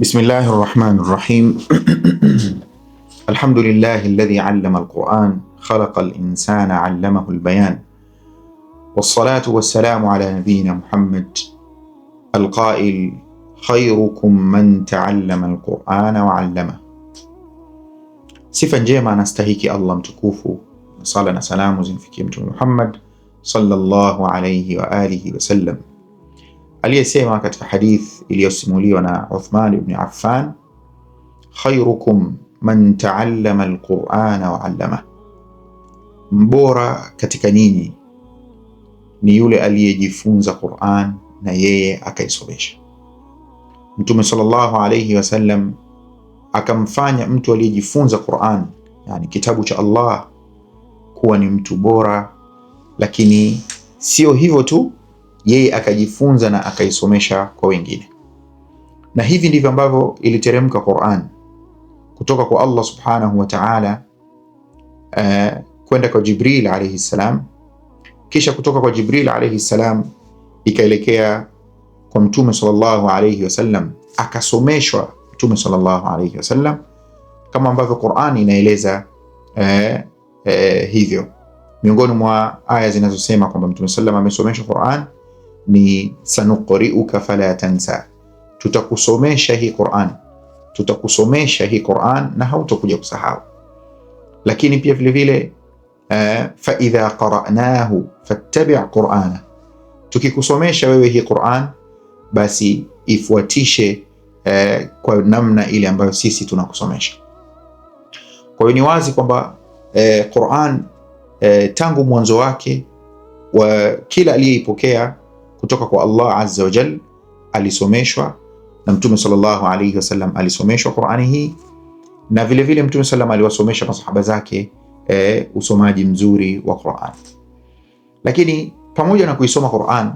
بسم الله الرحمن الرحيم الحمد لله الذي علم القرآن خلق الإنسان علمه البيان والصلاة والسلام على نبينا محمد القائل خيركم من تعلم القرآن وعلمه Sifa جيما نستهيك الله mtukufu, sala na salamu zimfikie محمد صلى الله عليه واله وسلم aliyesema katika hadith iliyosimuliwa na Uthman ibn Affan, khairukum man taallama alqurana wa allama, mbora katika nyinyi ni yule aliyejifunza Qur'an na yeye akaisomesha. Mtume sallallahu alayhi wasallam akamfanya mtu aliyejifunza Qur'an, yani kitabu cha Allah, kuwa ni mtu bora, lakini sio hivyo tu yeye akajifunza na akaisomesha kwa wengine. Na hivi ndivyo ambavyo iliteremka Qur'an kutoka kwa Allah subhanahu wa ta'ala uh, kwenda kwa Jibril alayhi salam, kisha kutoka kwa Jibril alayhi salam ikaelekea kwa Mtume sallallahu alayhi wasallam, akasomeshwa Mtume sallallahu alayhi wasallam kama ambavyo Qur'an inaeleza uh, uh, hivyo miongoni mwa aya zinazosema kwamba Mtume sallam amesomeshwa Qur'an ni sanuqri'uka fala tansa, tutakusomesha hii Qur'an, tutakusomesha hii Qur'an na hautakuja kusahau. Lakini pia vile vile uh, fa idha qara'nahu fattabi' qur'ana, tukikusomesha wewe hii Qur'an basi ifuatishe uh, kwa namna ile ambayo sisi tunakusomesha. Kwa hiyo ni wazi kwamba uh, Qur'an uh, tangu mwanzo wake wa kila aliyeipokea kutoka kwa Allah azza wa jal, alisomeshwa na Mtume sallallahu alayhi wasallam alisomeshwa Qur'ani hii, na vile vile Mtume sallallahu aliwasomesha masahaba zake e, usomaji mzuri wa Qur'an. Lakini pamoja na kuisoma Qur'an,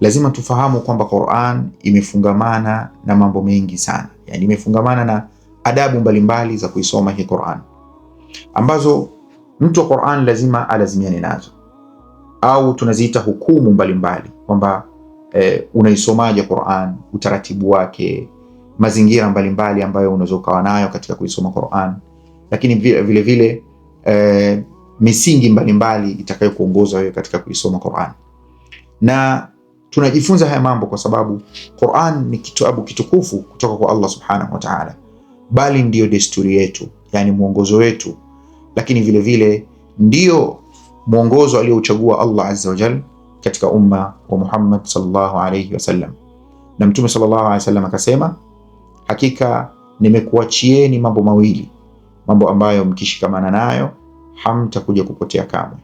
lazima tufahamu kwamba Qur'an imefungamana na mambo mengi sana, yani imefungamana na adabu mbalimbali za kuisoma hii Qur'an ambazo mtu wa Qur'an lazima alazimiane nazo au tunaziita hukumu mbalimbali kwamba e, unaisomaje Qur'an, utaratibu wake, mazingira mbalimbali mbali ambayo unaweza ukawa nayo katika kuisoma Qur'an, lakini vilevile vile, e, misingi mbalimbali itakayokuongoza wewe katika kuisoma Qur'an. Na tunajifunza haya mambo kwa sababu Qur'an ni kitabu kitukufu kutoka kwa Allah Subhanahu wa Ta'ala, bali ndiyo desturi yetu, yani mwongozo wetu, lakini vilevile vile, ndiyo mwongozo aliyouchagua Allah azza wa jalla katika umma wa Muhammad sallallahu alayhi wasallam. Na Mtume sallallahu alayhi wasallam akasema, hakika nimekuachieni mambo mawili, mambo ambayo mkishikamana nayo hamtakuja kupotea kamwe.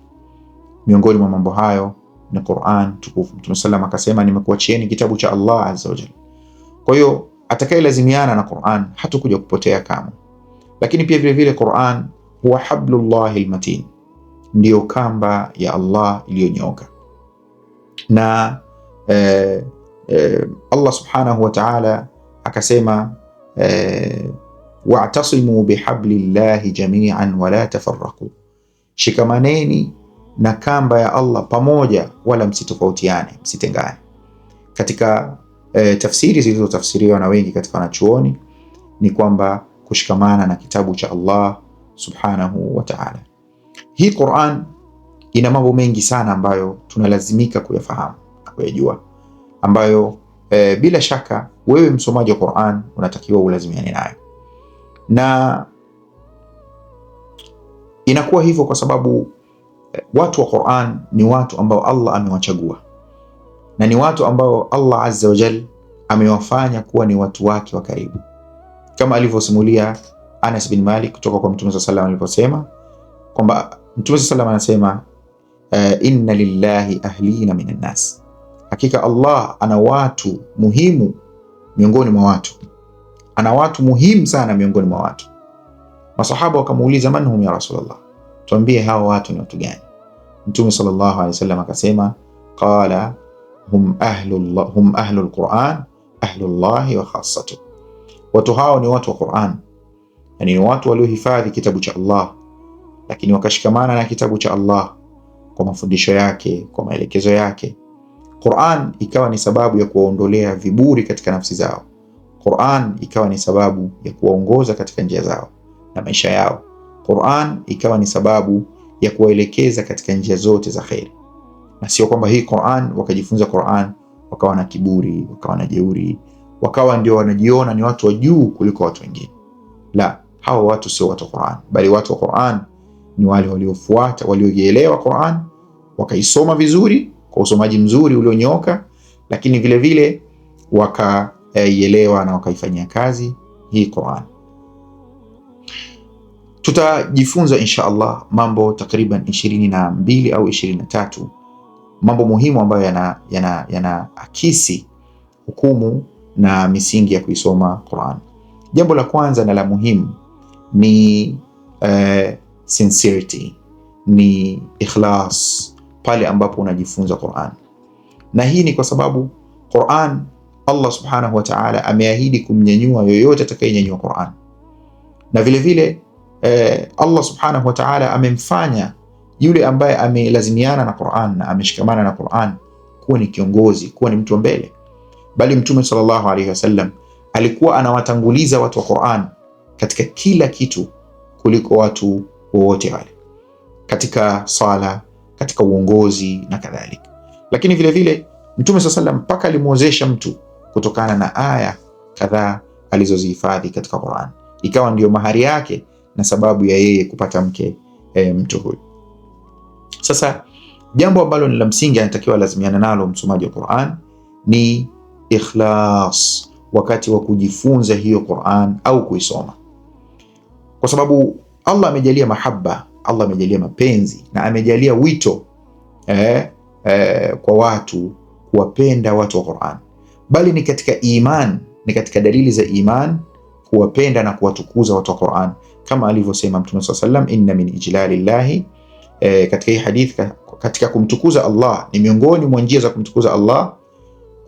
Miongoni mwa mambo hayo ni Qur'an tukufu. Mtume sallallahu alayhi akasema, nimekuachieni kitabu cha Allah azza wa jalla. Kwa hiyo atakayelazimiana na Qur'an hatakuja kupotea kamwe, lakini pia vile vile Qur'an huwa hablullahil matin, ndiyo kamba ya Allah iliyonyoka na e, e, Allah subhanahu wa ta'ala akasema e, wa'tasimu bihablillahi jami'an wala tafarraqu, shikamaneni na kamba ya Allah pamoja wala msitofautiane, msitengane. Katika e, tafsiri zilizotafsiriwa na wengi katika wanachuoni ni kwamba kushikamana na kitabu cha Allah subhanahu wa ta'ala hii Qur'an ina mambo mengi sana ambayo tunalazimika kuyafahamu na kuyajua, ambayo e, bila shaka wewe msomaji wa Qur'an unatakiwa ulazimiane nayo, na inakuwa hivyo kwa sababu eh, watu wa Qur'an ni watu ambao Allah amewachagua na ni watu ambao Allah azza wa jal amewafanya kuwa ni watu wake wa karibu, kama alivyosimulia Anas bin Malik kutoka kwa Mtume sallallahu alayhi wasallam aliposema kwamba Mtume sallam anasema uh, inna lillahi ahlina minan nas, hakika Allah ana watu muhimu miongoni mwa watu, ana watu muhimu sana miongoni mwa watu. Masahaba wakamuuliza manhum ya Rasulullah, tuambie hawa watu ni watu gani? Mtume sallallahu alaihi wasallam akasema qala hum ahlullah hum alquran ahlu ahlullahi wa khassatu, watu hao ni watu wa Quran, yani ni watu waliohifadhi kitabu cha Allah lakini wakashikamana na kitabu cha Allah kwa mafundisho yake, kwa maelekezo yake. Qur'an ikawa ni sababu ya kuwaondolea viburi katika nafsi zao. Qur'an ikawa ni sababu ya kuwaongoza katika njia zao na maisha yao. Qur'an ikawa ni sababu ya kuwaelekeza katika njia zote za kheri, na sio kwamba hii Qur'an wakajifunza Qur'an wakawa na kiburi, wakawa na jeuri, wakawa ndio wanajiona ni watu wa juu kuliko watu wengine. La, hawa watu sio watu wa Qur'an, bali watu wa Qur'an ni wale waliofuata, walioielewa Qur'an, wakaisoma vizuri kwa usomaji mzuri ulionyoka, lakini vile vile wakaielewa na wakaifanyia kazi hii Qur'an. Tutajifunza insha Allah mambo takriban ishirini na mbili au ishirini na tatu mambo muhimu ambayo yana, yana, yana akisi hukumu na misingi ya kuisoma Qur'an. Jambo la kwanza na la muhimu ni eh, sincerity, ni ikhlas pale ambapo unajifunza Qur'an. Na hii ni kwa sababu Qur'an Allah Subhanahu wa Ta'ala ameahidi kumnyanyua yoyote atakayenyanyua Qur'an. Na vile vile eh, Allah Subhanahu wa Ta'ala amemfanya yule ambaye amelazimiana na Qur'an na ameshikamana na Qur'an kuwa ni kiongozi, kuwa ni mtu wa mbele. Bali Mtume sallallahu alayhi wasallam alikuwa anawatanguliza watu wa Qur'an katika kila kitu kuliko watu wowote wale, katika swala, katika uongozi na kadhalika. Lakini vile vile Mtume swalla sallam mpaka alimwozesha mtu kutokana na aya kadhaa alizozihifadhi katika Qur'an, ikawa ndiyo mahari yake na sababu ya yeye kupata mke e, mtu huyu. Sasa jambo ambalo ni la msingi anatakiwa lazimiana nalo msomaji wa Qur'an ni ikhlas wakati wa kujifunza hiyo Qur'an au kuisoma, kwa sababu Allah amejalia mahaba, Allah amejalia mapenzi na amejalia wito eh, eh, kwa watu kuwapenda watu wa Qur'an, bali ni katika iman, ni katika dalili za iman kuwapenda na kuwatukuza watu wa Qur'an kama alivyosema Mtume swalla sallam, inna min ijlalillahi eh, katika hii hadithi, katika kumtukuza Allah ni miongoni mwa njia za kumtukuza Allah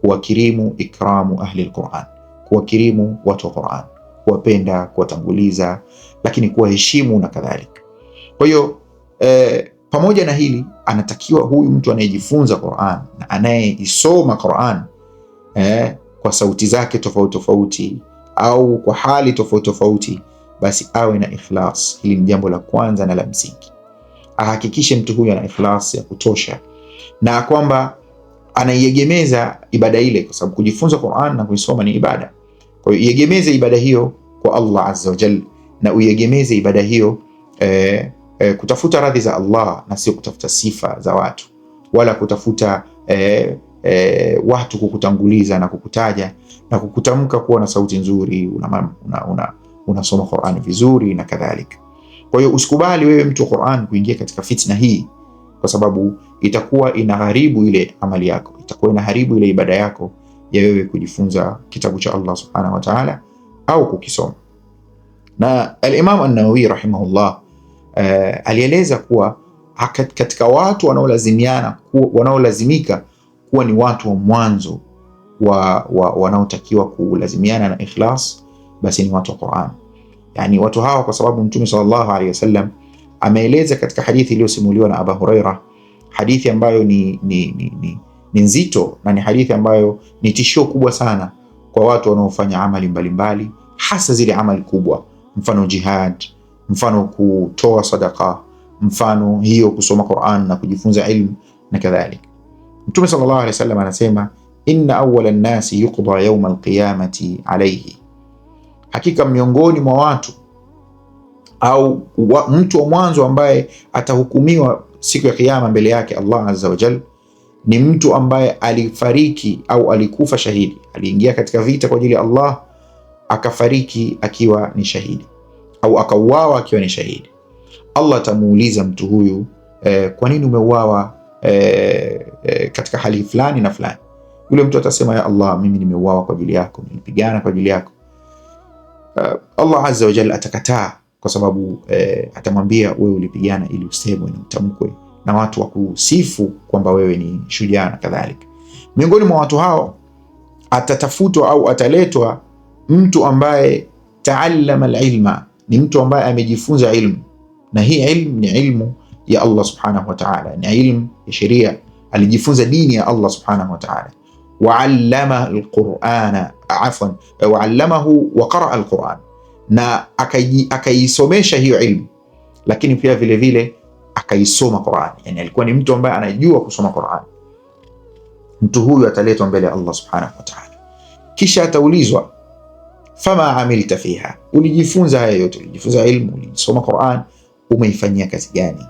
kuwakirimu, ikramu ahli alquran, kuwakirimu watu wa Qur'an, kuwapenda, kuwatanguliza lakini kuwaheshimu na kadhalika. Kwa hiyo eh, pamoja na hili anatakiwa huyu mtu anayejifunza Qur'an na anayeisoma Qur'an eh, kwa sauti zake tofauti tofauti au kwa hali tofauti tofauti, basi awe na ikhlas. Hili ni jambo la kwanza na la msingi. Ahakikishe mtu huyu ana ikhlas ya kutosha na kwamba anaiegemeza ibada ile, kwa sababu kujifunza Qur'an na kuisoma ni ibada. Kwa hiyo iegemeze ibada hiyo kwa Allah azza wa jalla na uiegemeze ibada hiyo eh, eh, kutafuta radhi za Allah na sio kutafuta sifa za watu wala kutafuta eh, eh, watu kukutanguliza na kukutaja na kukutamka kuwa na sauti nzuri, unasoma una, una, una Qur'an vizuri na kadhalika. Kwa hiyo usikubali wewe mtu wa Qur'an kuingia katika fitna hii, kwa sababu itakuwa inaharibu ile amali yako, itakuwa inaharibu ile ibada yako ya wewe kujifunza kitabu cha Allah subhanahu wa ta'ala au kukisoma. Na Alimam imam an-Nawawi rahimahullah uh, alieleza kuwa katika watu wanaolazimiana wanaolazimika kuwa ni watu wa mwanzo wa, wa, wanaotakiwa kulazimiana na ikhlas basi ni watu wa Qur'an. Yani watu hawa kwa sababu Mtume sallallahu alaihi wasallam ameeleza katika hadithi iliyosimuliwa na Abu Huraira, hadithi ambayo ni, ni, ni, ni, ni nzito na ni hadithi ambayo ni tishio kubwa sana kwa watu wanaofanya amali mbalimbali mbali, hasa zile amali kubwa mfano jihad, mfano kutoa sadaka, mfano hiyo kusoma Qur'an na kujifunza ilmu na kadhalika. Mtume sallallahu alaihi wasallam anasema inna awwala an-nasi yuqda yawm al-qiyamati alayhi, hakika miongoni mwa watu au wa, mtu wa mwanzo ambaye atahukumiwa siku ya kiyama mbele yake Allah azza wa jalla ni mtu ambaye alifariki au alikufa shahidi, aliingia katika vita kwa ajili ya Allah akafariki akiwa ni shahidi au akauawa akiwa ni shahidi, Allah atamuuliza mtu huyu eh, kwa nini umeuawa eh, eh, katika hali fulani na fulani? Yule mtu atasema, ya Allah, mimi nimeuawa kwa ajili yako, nilipigana kwa ajili yako. Uh, Allah azza wa jalla atakataa kwa sababu eh, atamwambia wewe ulipigana ili usemwe na utamkwe na watu wakusifu kwamba wewe ni shujaa na kadhalika. Miongoni mwa watu hao atatafutwa au ataletwa mtu ambaye taallama alilma ni mtu ambaye amejifunza ilmu, na hii ilmu ni ilmu ya Allah subhanahu wa ta'ala, ni ilmu ya sheria. Alijifunza dini ya Allah subhanahu wa ta'ala. Waallama alqur'ana afwan, waallamahu wa alquran, na akaisomesha hiyo ilmu, lakini pia vile vile akaisoma qurani Yani alikuwa ni mtu ambaye anajua kusoma Qur'an. Mtu huyu ataletwa mbele ya Allah subhanahu wa ta'ala, kisha ataulizwa fama amilta fiha, ulijifunza haya yote, ulijifunza ilmu, ulisoma Qur'an, umeifanyia kazi gani?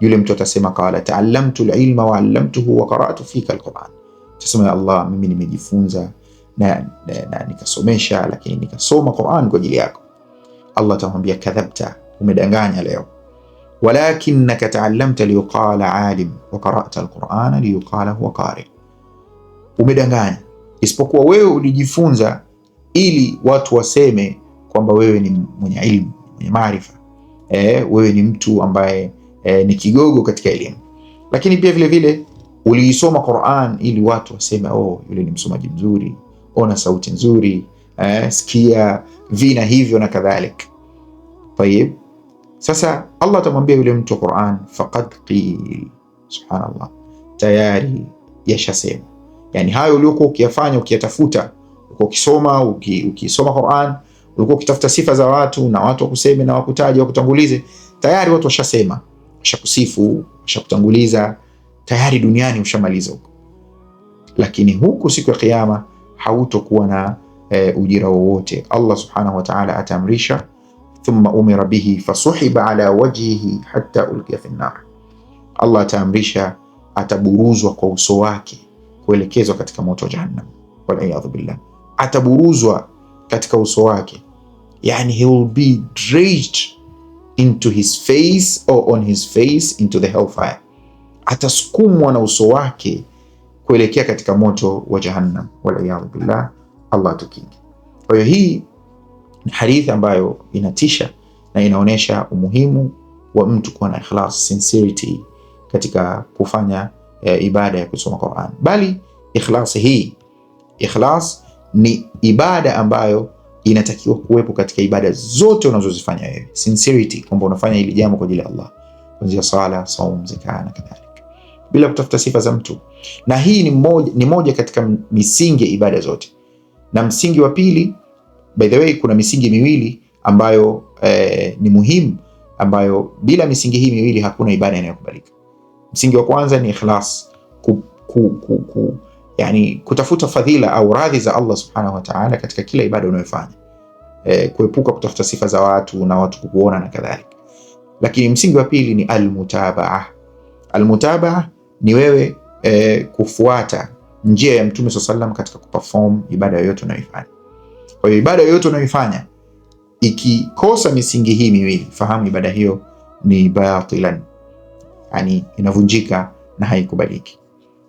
Yule mtu atasema qala taallamtu alilma wa allamtuhu wa qara'tu fika alquran, tasema ya Allah, mimi nimejifunza na, na, na nikasomesha, lakini nikasoma Qur'an kwa ajili yako. Allah atamwambia kadhabta, umedanganya leo walakinaka taallamta liyuqala alim wa qara'ta alqur'ana liyuqala huwa qari, umedanganya. Isipokuwa wewe ulijifunza ili watu waseme kwamba wewe ni mwenye ilmu, mwenye maarifa e, wewe ni mtu ambaye e, ni kigogo katika elimu. Lakini pia vile vile uliisoma Qur'an ili watu waseme oh, yule ni msomaji mzuri, ona sauti nzuri e, sikia vina hivyo na kadhalik. Tayeb, sasa Allah atamwambia yule mtu wa Qur'an, faqad qil, subhanallah, tayari yashasema. Yani hayo uliokuwa ukiyafanya ukiyatafuta ulikuwa ukisoma ukisoma Qur'an, ulikuwa ukitafuta sifa za watu na watu wakuseme na wakutaje wakutangulize, tayari watu washasema, washakusifu, washakutanguliza tayari, duniani ushamaliza huko. Lakini huku siku ya Kiyama hautokuwa na e, ujira wowote. Allah subhanahu wa ta'ala ataamrisha, thumma umira bihi fasuhiba ala wajhihi hatta ulqiya fi an-nar. Allah ataamrisha, ataburuzwa kwa uso wake kuelekezwa katika moto wa Jahannam, wal a'yadhu billah ataburuzwa katika uso wake, yani he will be dredged into his face or on his face into the hellfire, atasukumwa na uso wake kuelekea katika moto wa Jahannam, walayadhu billah. Allah atukinge. Kwa hiyo hii ni hadithi ambayo inatisha na inaonyesha umuhimu wa mtu kuwa na ikhlas, sincerity katika kufanya e, ibada ya kusoma Qur'an, bali ikhlas hii ikhlas ni ibada ambayo inatakiwa kuwepo katika ibada zote unazozifanya wewe, sincerity, kwamba unafanya hili jambo kwa ajili ya Allah, kuanzia sala, saum, zaka na kadhalika, bila kutafuta sifa za mtu. Na hii ni moja, ni moja katika misingi ya ibada zote. Na msingi wa pili, by the way, kuna misingi miwili ambayo eh, ni muhimu, ambayo bila misingi hii miwili hakuna ibada inayokubalika. Msingi wa kwanza ni ikhlas ku, ku, ku, ku, yani kutafuta fadhila au radhi za Allah subhanahu wa ta'ala katika kila ibada unayofanya, e, kuepuka kutafuta sifa za watu na watu kukuona na kadhalika. Lakini msingi wa pili ni almutabaa. Almutabaa ni wewe e, kufuata njia ya Mtume swalla sallam katika kuperform ibada yoyote unayoifanya. Kwa hiyo ibada yoyote unayoifanya ikikosa misingi hii miwili, fahamu ibada hiyo ni batilan, yani inavunjika na haikubaliki.